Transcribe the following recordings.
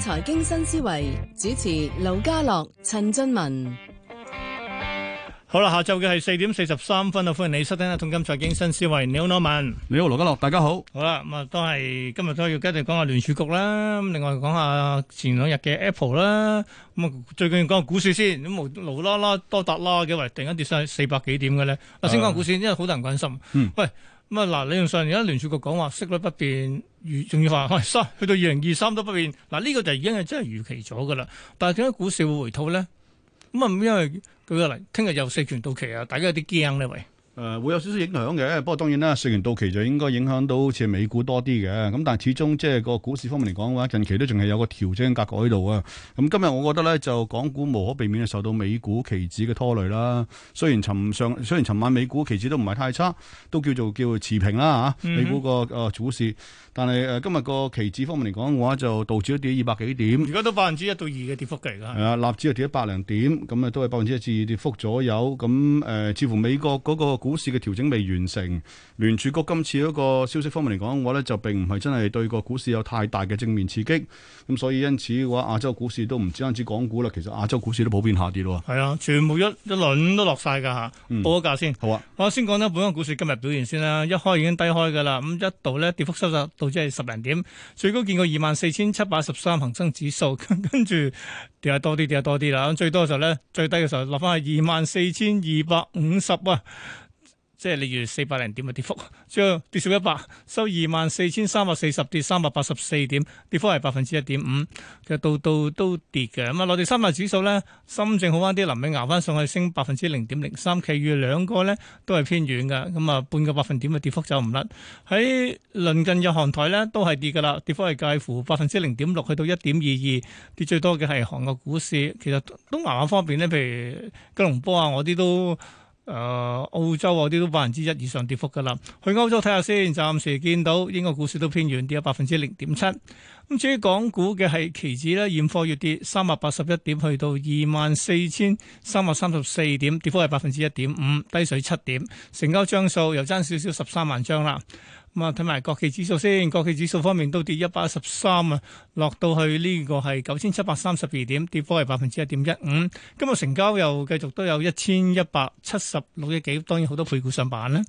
財經新思維，主持盧家樂、陳俊文，好啦，下晝嘅係四點四十三分啦，歡迎你收聽《一通金財經新思維》，你好，羅文，你好，盧家樂，大家好，好啦，咁、嗯、啊，都係今日都要繼續講下聯儲局啦，咁另外講下前兩日嘅 Apple 啦，咁、嗯、啊，最近要講下股市先，咁無啦啦多達啦多達啦嘅，話突然間跌上去四百幾點嘅咧，嗱、嗯，先講下股市，因為好多人關心，嗯，喂。咁啊嗱，理論上而家聯儲局講話息率不變，預仲要話，去到二零二三都不變。嗱呢個就已經係真係預期咗噶啦。但係點解股市會回吐咧？咁啊，因為佢話嚟，聽日又四權到期啊，大家有啲驚咧，喂。誒、呃、會有少少影響嘅，不過當然啦，四年到期就應該影響到好似美股多啲嘅，咁但係始終即係個股市方面嚟講嘅話，近期都仲係有個調整格局喺度啊。咁、嗯、今日我覺得咧，就港股無可避免係受到美股期指嘅拖累啦。雖然尋上雖然尋晚美股期指都唔係太差，都叫做叫做持平啦嚇，嗯、哼美股個誒股市，但係誒今日個期指方面嚟講嘅話，就道指咗跌二百幾點，而家都百分之一到二嘅跌幅嘅嚟㗎。係啊、嗯，納指又跌一百零點，咁啊都係百分之一至二跌幅左右。咁誒，至、呃、於美國嗰個股。股市嘅調整未完成，聯儲局今次嗰個消息方面嚟講嘅話呢，就並唔係真係對個股市有太大嘅正面刺激。咁所以因此嘅話，亞洲股市都唔止單止港股啦，其實亞洲股市都普遍下跌咯。係啊，全部一一輪都落晒噶吓。報下價先。好啊。我先講咧，本身股市今日表現先啦。一開已經低開噶啦，咁一度呢，跌幅收窄到即係十零點，最高見過二萬四千七百十三恒生指數，跟住跌下多啲，跌下多啲啦。咁最多嘅時候呢，最低嘅時候落翻係二萬四千二百五十啊。即係例如四百零點嘅跌幅，最後跌少一百，收二萬四千三百四十，跌三百八十四點，跌幅係百分之一點五，其實到度都跌嘅。咁啊，內地三大指數咧，深證好啱啲，臨尾捱翻上去，升百分之零點零三，其餘兩個咧都係偏遠嘅，咁啊半個百分點嘅跌幅就唔甩。喺鄰近日韓台咧都係跌嘅啦，跌幅係介乎百分之零點六去到一點二二，跌最多嘅係韓國股市。其實東南亞方面咧，譬如吉隆坡啊，我啲都。誒、呃，澳洲嗰啲都百分之一以上跌幅噶啦，去歐洲睇下先，暫時見到英國股市都偏軟，跌咗百分之零點七。咁至於港股嘅係期指咧，現貨月跌三百八十一點，去到二萬四千三百三十四點，跌幅係百分之一點五，低水七點，成交張數又增少少十三萬張啦。咁啊，睇埋國企指數先，國企指數方面都跌一百一十三啊，落到去呢個係九千七百三十二點，跌幅係百分之一點一五。今日成交又繼續都有一千一百七十六億幾，當然好多配股上板啦。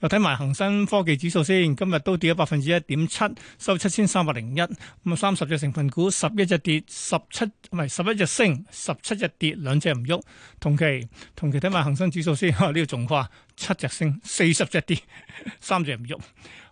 又睇埋恒生科技指數先，今日都跌咗百分之一點七，收七千三百零一。咁啊，三十隻成份股，十一隻跌，十七唔係十一隻升，十七隻跌，兩隻唔喐。同期同期睇埋恒生指數先，呢個仲誇。七隻升，四十隻跌，三隻唔喐。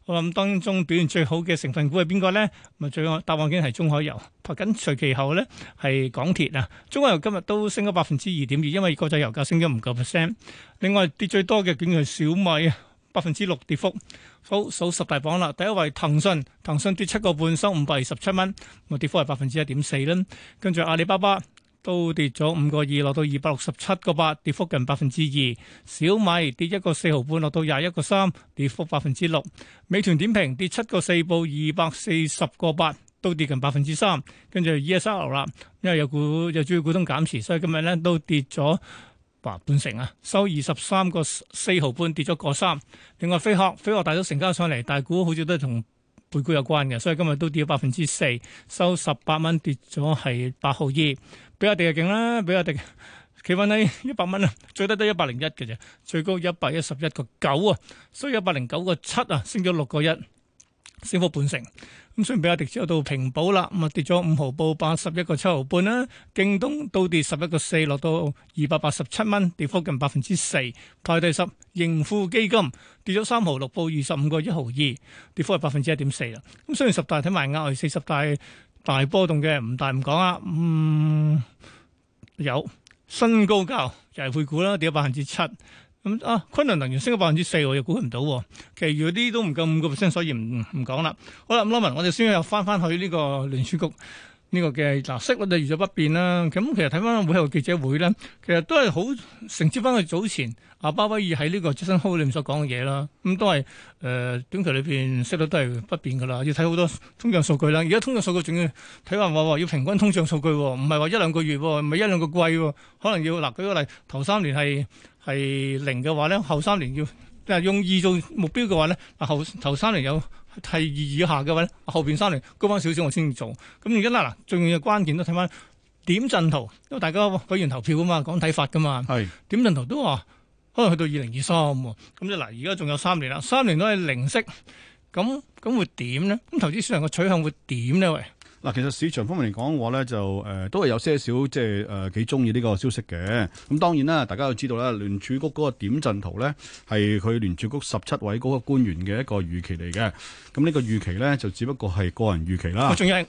我諗當中表現最好嘅成分股係邊個咧？咁最答案竟係中海油。拍緊隨其後咧，係港鐵啊。中海油今日都升咗百分之二點二，因為國際油價升咗唔夠 percent。另外跌最多嘅竟然係小米，百分之六跌幅。好，數十大榜啦。第一位騰訊，騰訊跌七個半，收五百二十七蚊，咁跌幅係百分之一點四啦。跟住阿里巴巴。都跌咗五個二，落到二百六十七個八，跌幅近百分之二。小米跌一個四毫半，落到廿一個三，跌幅百分之六。美團點評跌七個四報，二百四十個八，都跌近百分之三。跟住 ESR 啦，因為有股有主要股東減持，所以今日咧都跌咗半成啊，收二十三個四毫半，跌咗個三。另外，飛鶴飛鶴大咗成交上嚟，大股好似都係同。配股有關嘅，所以今日都跌咗百分之四，收十八蚊，跌咗係八毫二。比亞迪嘅勁啦，比亞迪企穩喺一百蚊啊，最低都一百零一嘅啫，最高一百一十一個九啊，所以一百零九個七啊，升咗六個一。升幅半成，咁雖然比亞迪只有到平保啦，咁啊跌咗五毫報八十一個七毫半啦。京東到跌十一個四，落到二百八十七蚊，跌幅近百分之四。排第十，盈富基金跌咗三毫六，報二十五個一毫二，跌幅係百分之一點四啦。咁雖然十大睇埋，額外四十大大波動嘅唔大唔講啦。嗯，有新高價又係配股啦，跌咗百分之七。咁啊，昆崙能源升咗百分之四，我又估唔到，其餘啲都唔夠五個 percent，所以唔唔講啦。好啦，咁阿文，我哋先又翻翻去呢個聯儲局。呢個嘅嗱息率就預咗不變啦。咁其實睇翻會後記者會咧，其實都係好承接翻佢早前阿巴威爾喺呢個質詢裏面所講嘅嘢啦。咁都係誒短期裏邊息率都係不變噶啦。要睇好多通脹數據啦。而家通脹數據仲要睇話話要平均通脹數據，唔係話一兩個月，唔係一兩個季，可能要嗱舉個例，頭三年係係零嘅話咧，後三年要嗱用二做目標嘅話咧，後頭三年有。係二以下嘅話咧，後邊三年高翻少少我先做。咁而家咧嗱，最重要嘅關鍵都睇翻點陣圖，因為大家舉完投票啊嘛，講睇法噶嘛。係是點陣圖都話可能去到二零二三，咁就嗱，而家仲有三年啦，三年都係零息，咁咁會點咧？咁投資市場嘅取向會點咧？喂？嗱，其實市場方面嚟講嘅話咧，就誒、呃、都係有些少即係誒幾中意呢個消息嘅。咁當然啦，大家都知道啦，聯儲局嗰個點陣圖咧，係佢聯儲局十七位嗰個官員嘅一個預期嚟嘅。咁呢個預期咧，就只不過係個人預期啦。我仲要係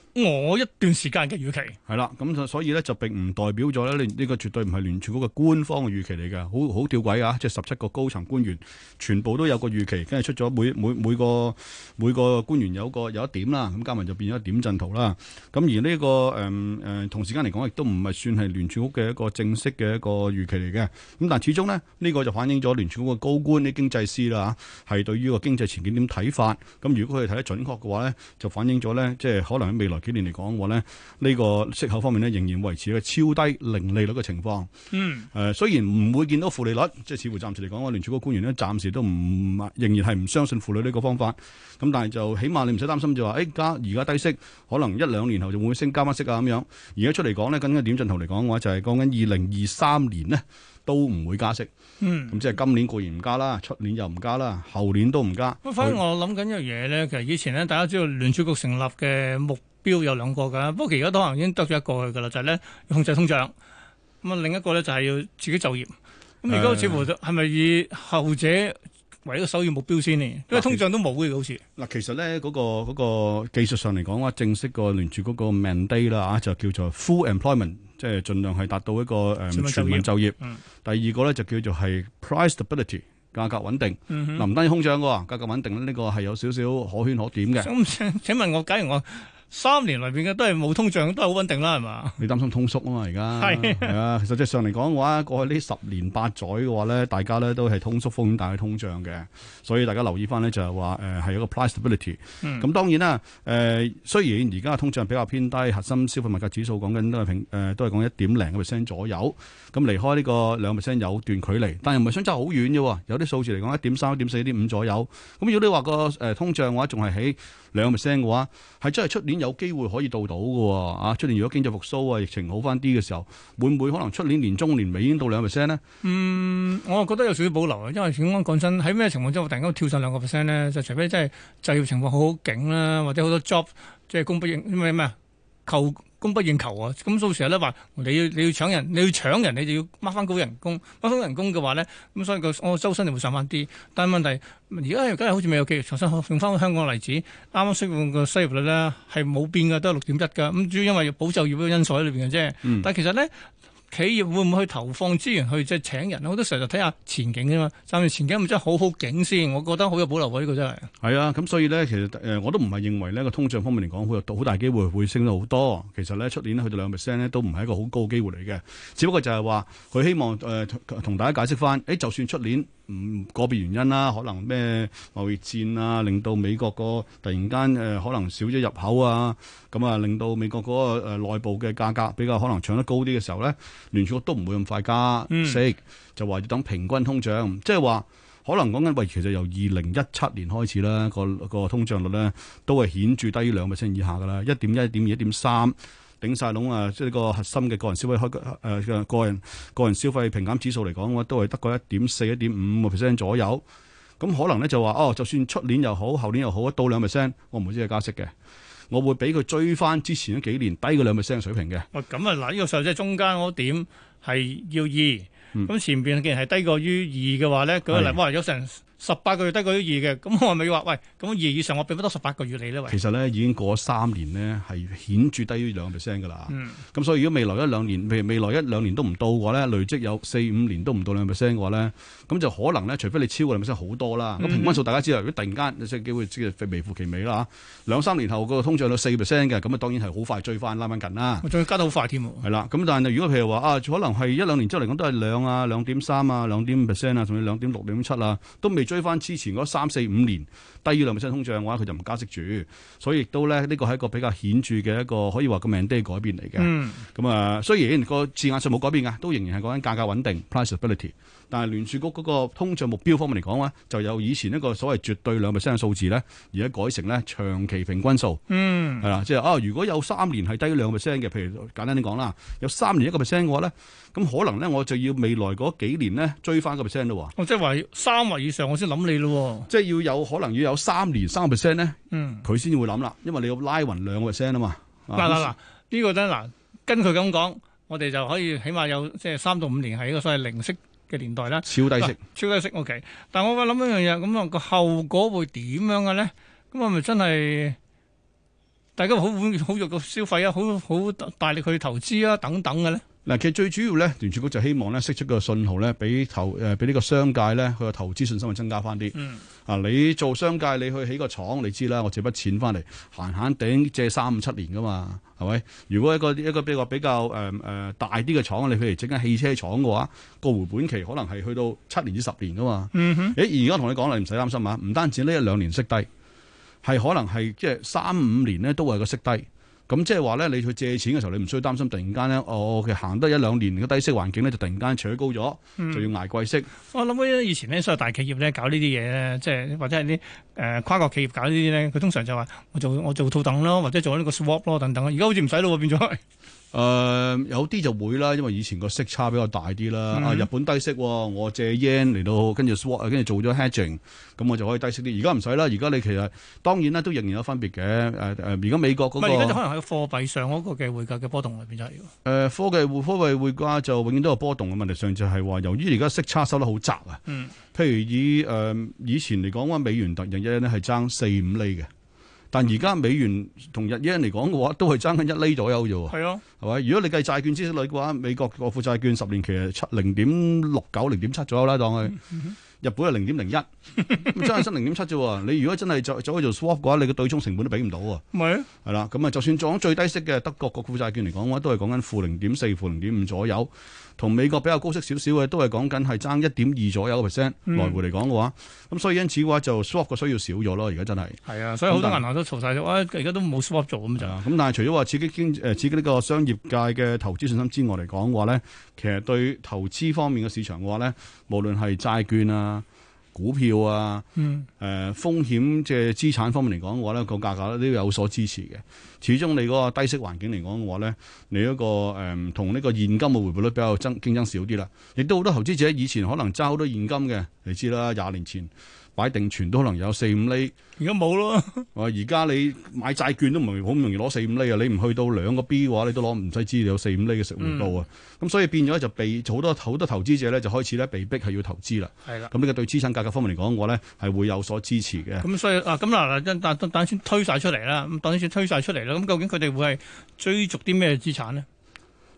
我一段時間嘅預期。係啦，咁就所以咧就並唔代表咗咧呢呢個絕對唔係聯儲局嘅官方嘅預期嚟嘅，好好吊詭啊！即係十七個高層官員全部都有個預期，跟住出咗每每每個每個官員有個有一點啦，咁加埋就變咗點陣圖啦。咁而呢、這個誒誒、嗯呃、同時間嚟講，亦都唔係算係聯儲局嘅一個正式嘅一個預期嚟嘅。咁但係始終咧，呢、這個就反映咗聯儲局嘅高官啲經濟師啦嚇，係、啊、對於個經濟前景點睇法。咁、啊、如果佢哋睇得準確嘅話咧，就反映咗咧，即係可能喺未來幾年嚟講嘅話咧，呢、這個息口方面咧，仍然維持一個超低零利率嘅情況。嗯。誒、呃，雖然唔會見到負利率，即係似乎暫時嚟講，聯儲局官員咧暫時都唔，仍然係唔相信負利率呢個方法。咁但係就起碼你唔使擔心就話，誒而家低息可能一。兩年後就會升加翻息啊咁樣，而家出嚟講咧，咁嘅點陣圖嚟講嘅話就係講緊二零二三年呢都唔會加息，嗯，咁即係今年固然唔加啦，出年又唔加啦，後年都唔加。反正我諗緊一樣嘢咧，好其實以前咧大家知道聯儲局成立嘅目標有兩個噶，不過而家當然已經得咗一個噶啦，就係、是、咧控制通脹。咁啊另一個咧就係要自己就業。咁而家似乎係咪以後者？為個首要目標先咧，因為通脹都冇嘅好似。嗱，其實咧嗰個嗰個技術上嚟講嘅話，正式個聯儲嗰個 mandate 啦啊，就叫做 full employment，即係盡量係達到一個誒全民就業。嗯。第二個咧就叫做係 price stability，價格穩定。嗯哼。唔單止通脹噶，價格穩定咧呢個係有少少可圈可點嘅。咁，請問我假如我？三年裏邊嘅都係冇通脹，都係好穩定啦，係嘛？你擔心通縮啊嘛？而家係啊，其實即係上嚟講嘅話，過去呢十年八載嘅話咧，大家咧都係通縮風險大嘅通脹嘅，所以大家留意翻咧就係話誒係一個 price stability。咁、嗯、當然啦，誒、呃、雖然而家嘅通脹比較偏低，核心消費物價指數講緊都係平誒、呃、都係講一點零個 percent 左右，咁離開呢個兩個 percent 有段距離，但係唔係相差好遠嘅，有啲數字嚟講一點三、一點四、一點五左右。咁如果你話個誒通脹嘅話，仲係喺。兩個 percent 嘅話，係真係出年有機會可以到到嘅喎，啊！出年如果經濟復甦啊，疫情好翻啲嘅時候，會唔會可能出年年中年尾已經到兩個 percent 呢？嗯，我覺得有少少保留，因為點講講真，喺咩情況之下突然間跳上兩個 percent 咧？就除非真係就業情況好好勁啦，或者好多 job 即係供不應咩咩啊求。供不應求啊！咁到時候咧話，你要你要搶人，你要搶人，你就要掹翻高人工。掹翻高人工嘅話咧，咁所以個我周薪就會上翻啲。但問題而家而家好似未有機會重新用翻香港嘅例子，啱啱釋用嘅失業率咧係冇變嘅，都係六點一嘅。咁主要因為保就業嘅因素喺裏邊嘅啫。嗯、但其實咧。企業會唔會去投放資源去即係請人，好多時候就睇下前景啊嘛。暫時前景唔知好好景先，我覺得好有保留喎。呢個真係係啊。咁所以咧，其實誒、呃、我都唔係認為呢個通脹方面嚟講會有好大機會會升到好多。其實咧，出年去到兩 percent 咧都唔係一個好高嘅機會嚟嘅。只不過就係話佢希望誒同、呃、大家解釋翻誒、欸，就算出年唔、嗯、個別原因啦、啊，可能咩貿易戰啊，令到美國個突然間誒、呃、可能少咗入口啊，咁啊令到美國嗰個誒內部嘅價格比較可能搶得高啲嘅時候咧。聯儲局都唔會咁快加息，嗯、就話要等平均通脹，即係話可能講緊喂，其實由二零一七年開始啦，嗰個、嗰個通脹率咧都係顯著低於兩 percent 以下噶啦，一點一、一點二、一點三，頂晒籠啊！即係個核心嘅個人消費開誒嘅個人個人消費平減指數嚟講，都係得個一點四、一點五個 percent 左右。咁可能咧就話哦，就算出年又好，後年又好，一到兩 percent，我唔會係加息嘅。我會俾佢追翻之前嗰幾年低過兩 percent 嘅水平嘅。喂、嗯，咁啊嗱，呢個時候即係中間嗰點係要二，咁前邊既然係低過於二嘅話咧，嗰個嚟哇有成十八個月低過於二嘅，咁我咪要話喂，咁二以上我並唔多十八個月你咧。其實咧已經過咗三年咧，係顯著低於兩個 percent 嘅啦。嗯，咁所以如果未來一兩年，譬未，未來一兩年都唔到嘅話咧，累積有四五年都唔到兩個 percent 嘅話咧，咁就可能咧，除非你超過兩個 percent 好多啦。咁平均數大家知道，如果突然間有啲機會即係微乎其微啦嚇，兩三年後個通脹率四 percent 嘅，咁啊當然係好快追翻拉翻近啦。我仲要加得好快添。係啦，咁但係如果譬如話啊，可能係一兩年之後嚟講都係兩啊兩點三啊兩點五 percent 啊，仲有兩點六點七啊，6, 7. 7, 都未。追翻之前嗰三四五年低於兩 percent 通脹嘅話，佢就唔加息住，所以亦都咧呢個係一個比較顯著嘅一個可以話個命都係改變嚟嘅。咁啊、嗯嗯，雖然個字眼上冇改變㗎，都仍然係講緊價格穩定 （price a b i l i t y 但係聯儲局嗰個通脹目標方面嚟講咧，就有以前一個所謂絕對兩 percent 嘅數字咧，而家改成咧長期平均數。係啦、嗯，即係啊，如果有三年係低於兩 percent 嘅，譬如簡單啲講啦，有三年一個 percent 嘅話咧，咁可能咧我就要未來嗰幾年咧追翻個 percent 咯。即係話三或以上先諗你咯、哦，即係要有可能要有三年三個 percent 咧，呢嗯，佢先至會諗啦，因為你要拉匀兩個 percent 啊嘛。嗱嗱嗱，呢、啊呢個真嗱、啊，跟佢咁講，我哋就可以起碼有即係三到五年係一個所謂零息嘅年代啦。超低息，超低息，OK。但係我諗一樣嘢，咁啊個後果會點樣嘅咧？咁啊咪真係大家好歡好肉嘅消費啊，好好大力去投資啊，等等嘅咧。嗱，其實最主要咧，聯儲局就希望咧，釋出個信號咧，俾投誒，俾、呃、呢個商界咧，佢個投資信心會增加翻啲。嗯。啊，你做商界，你去起個廠，你知啦，我借筆錢翻嚟，閒閒頂借三五七年噶嘛，係咪？如果一個一個比較比較誒誒大啲嘅廠，你譬如整間汽車廠嘅話，個回本期可能係去到七年至十年噶嘛。嗯、哼。誒，而家同你講你唔使擔心啊，唔單止呢一兩年息低，係可能係即係三五年咧都係個息低。咁即係話咧，你去借錢嘅時候，你唔需要擔心突然間咧，我嘅行得一兩年嘅低息環境咧，就突然間扯高咗，嗯、就要捱貴息。我諗起以前啲所有大企業咧，搞呢啲嘢咧，即係或者係啲誒跨國企業搞呢啲咧，佢通常就話我做我做套戥咯，或者做呢個 swap 咯等等。而家好似唔使咯喎，變咗。 誒、呃，有啲就會啦，因為以前個息差比較大啲啦。啊、嗯，日本低息，我借 yen 嚟到，跟住 swap，跟住做咗 hedging，咁我就可以低息啲。而家唔使啦，而家你其實當然啦，都仍然有分別嘅。誒、呃、誒，而家美國嗰、那個，咪咧就可能喺個貨幣上嗰個嘅匯價嘅波動嚟、就是，就係誒，貨幣匯貨幣匯價就永遠都有波動嘅問題。上就係話，由於而家息差收得好窄啊。嗯、譬如以誒、呃、以前嚟講，話美元兌日元咧係爭四五厘嘅。但而家美元同日元嚟講嘅話，都係爭緊一厘左右啫喎。係啊的，係咪？如果你計債券息率嘅話，美國國庫債券十年期係七零點六九、零點七左右啦，當佢。嗯日本係零點零一，新加坡零點七啫。你如果真係走去做咗做 swap 嘅話，你個對沖成本都俾唔到啊。唔係啊。係啦，咁啊，就算做最低息嘅德國國庫債券嚟講嘅話，都係講緊負零點四、負零點五左右。同美國比較高息少少嘅，都係講緊係爭一點二左右嘅 percent 來回嚟講嘅話，咁、嗯、所以因此嘅話就 swap 嘅需要少咗咯。而家真係係啊，所以好多銀行都嘈晒咗。話但，而家都冇 swap 做咁就。咁但係除咗話刺激經誒刺激呢個商業界嘅投資信心之外嚟講嘅話咧，其實對投資方面嘅市場嘅話咧。無論係債券啊、股票啊，嗯，誒、呃，風險即係資產方面嚟講嘅話咧，個價格咧都有所支持嘅。始終你嗰個低息環境嚟講嘅話咧，你嗰，呢個誒、呃、同呢個現金嘅回報率比較爭競爭少啲啦。亦都好多投資者以前可能揸好多現金嘅，你知啦，廿年前。買定存都可能有四五厘，而家冇咯。而 家你買債券都唔好咁容易攞四五厘啊！你唔去到兩個 B 嘅話，你都攞唔使知有四五厘嘅息回報啊！咁、嗯、所以變咗就被好多好多投資者咧，就開始咧被逼係要投資啦。係啦的，咁呢個對資產價格,格方面嚟講，我咧係會有所支持嘅。咁所以啊，咁嗱嗱，但但先推晒出嚟啦，咁但先推晒出嚟啦。咁究竟佢哋會係追逐啲咩資產咧？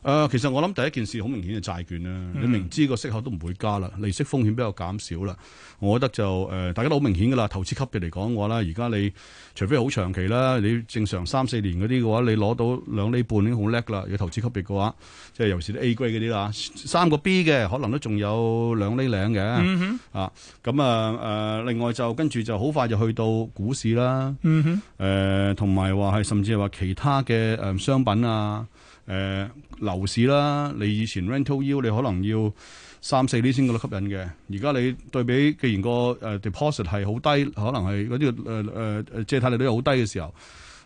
誒、呃，其實我諗第一件事好明顯就債券啦、啊，嗯、哼你明知個息口都唔會加啦，利息風險比較減少啦。我覺得就誒、呃，大家都好明顯噶啦，投資級別嚟講嘅話咧，而家你除非好長期啦，你正常三四年嗰啲嘅話，你攞到兩厘半已經好叻啦。如果投資級別嘅話，即係尤其是啲 A 級嗰啲啦，三個 B 嘅可能都仲有兩厘零嘅。嗯、哼啊，咁啊誒，另外就跟住就好快就去到股市啦。誒、嗯哼，同埋話係甚至係話其他嘅誒商品啊，誒、呃。樓市啦，你以前 rental yield 你可能要三四厘先咁樣吸引嘅，而家你對比，既然、那個誒、uh, deposit 係好低，可能係嗰啲誒誒誒借貸利率好低嘅時候，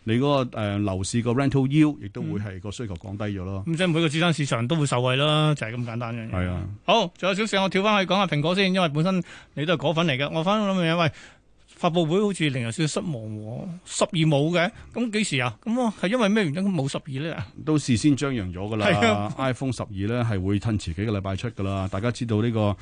你嗰、那個誒樓、uh, 市個 rental yield 亦都會係個需求降低咗咯。咁、嗯、即係每個資產市場都會受惠啦，就係、是、咁簡單嘅嘢，係啊，好，仲有少少，我跳翻去講下蘋果先，因為本身你都係果粉嚟嘅，我翻諗下喂。發布會好似令人少失望喎，十二冇嘅，咁幾時啊？咁啊，係因為咩原因冇十二咧？呢都事先張揚咗噶啦，iPhone 十二咧係會推遲幾個禮拜出噶啦。大家知道呢、這個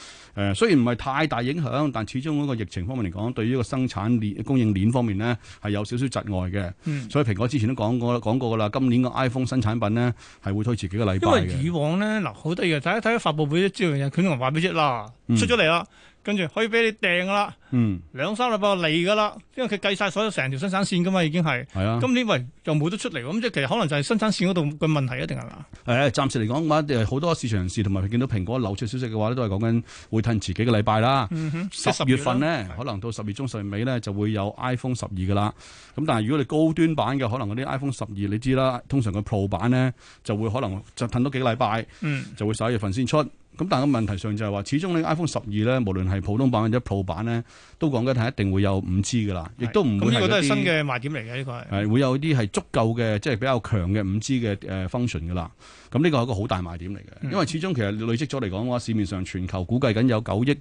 誒，雖然唔係太大影響，但始終嗰個疫情方面嚟講，對於個生產鏈、供應鏈方面咧係有少少窒礙嘅。嗯、所以蘋果之前都講過講過噶啦，今年個 iPhone 新產品咧係會推遲幾個禮拜。因為以往咧，嗱好多嘢睇睇發布會啲資料嘅，佢都話俾你啦，出咗嚟啦。嗯跟住可以俾你訂噶啦，嗯、兩三日就嚟噶啦，因為佢計晒所有成條生產線噶嘛，已經係。係啊。今年喂又冇得出嚟喎，咁即係其實可能就係生產線嗰度嘅問題，一定係啦。誒、哎，暫時嚟講，我哋好多市場人士同埋佢見到蘋果流出消息嘅話咧，都係講緊會褪遲幾個禮拜啦。嗯哼，十月份咧，啊、可能到十月中上尾咧就會有 iPhone 十二噶啦。咁但係如果你高端版嘅，可能嗰啲 iPhone 十二你知啦，通常個 Pro 版咧就會可能就褪多幾個禮拜，嗯、就會十一月份先出。咁但係個問題上就係話，始終呢 iPhone 十二咧，無論係普通版或者 Pro 版咧，都講緊係一定會有五 G 嘅啦，亦都唔會。咁呢個都係新嘅賣點嚟嘅呢個。係會有啲係足夠嘅，即係比較強嘅五 G 嘅誒 function 嘅啦。咁呢個係一個好大賣點嚟嘅，因為始終其實累積咗嚟講嘅話，市面上全球估計緊有九億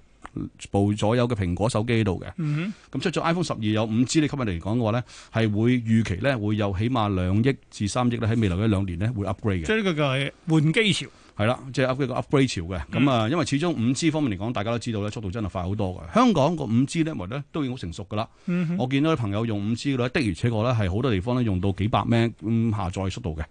部左右嘅蘋果手機喺度嘅。嗯哼。咁出咗 iPhone 十二有五 G 呢級別嚟講嘅話咧，係會預期咧會有起碼兩億至三億咧喺未來一兩年咧會 upgrade 嘅。即係呢個就係換機潮。係啦，即係、就是、upgrade 個 upgrade 潮嘅，咁、嗯、啊，因為始終五 G 方面嚟講，大家都知道咧，速度真係快好多嘅。香港個五 G 咧，咪咧都已經好成熟噶啦。嗯、哼我見到啲朋友用五 G 嘅咧，的而且確咧，係好多地方咧用到幾百 Mbps、嗯、下載速度嘅。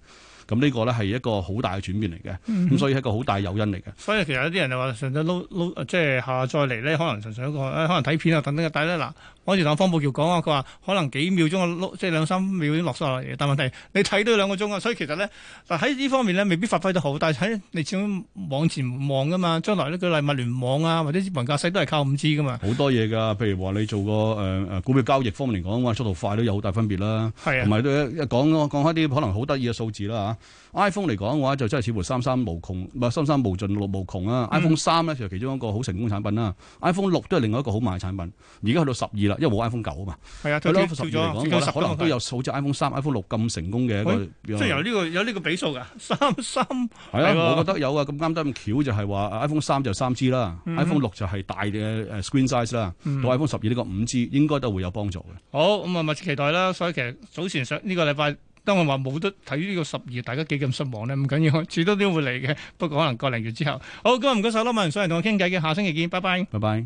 咁呢個咧係一個好大嘅轉變嚟嘅，咁、嗯、所以係一個好大嘅誘因嚟嘅。所以其實有啲人就話純粹撈撈，即係下載嚟咧，可能純粹一個可能睇片啊等等。但係咧嗱，我之前同方保僑講啊，佢話可能幾秒鐘嘅即係兩三秒落晒落嚟。但係問題你睇都要兩個鐘啊，所以其實咧喺呢方面咧未必發揮得好。但係喺、哎、你始終往前望噶嘛，將來呢，佢例如物聯網啊，或者文格勢都係靠五 G 噶嘛。好多嘢㗎，譬如話你做個誒誒股票交易方面嚟講，話速度快都有好大分別啦。係同埋都講講開啲可能好得意嘅數字啦嚇。iPhone 嚟講嘅話就真係似乎三三無窮唔係三三無盡六無窮啊 iPhone 三咧就其中一個好成功產品啦 iPhone 六都係另外一個好賣嘅產品而家去到十二啦，因為冇 iPhone 九啊嘛係啊，iPhone 十二嚟講可能都有好似 iPhone 三、iPhone 六咁成功嘅一個即係由呢個有呢個比數噶三三係啊，我覺得有啊咁啱得咁巧就係話 iPhone 三就三 G 啦，iPhone 六就係大嘅 screen size 啦，到 iPhone 十二呢個五 G 應該都會有幫助嘅。好咁啊，密切期待啦！所以其實早前上呢個禮拜。當我話冇得睇呢個十二月，大家幾咁失望咧？唔緊要，始終都會嚟嘅。不過可能個零月之後，好咁，唔該曬啦，萬人所人上嚟同我傾偈嘅，下星期見，拜拜，拜拜。